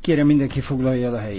Kérem mindenki foglalja el a helyét.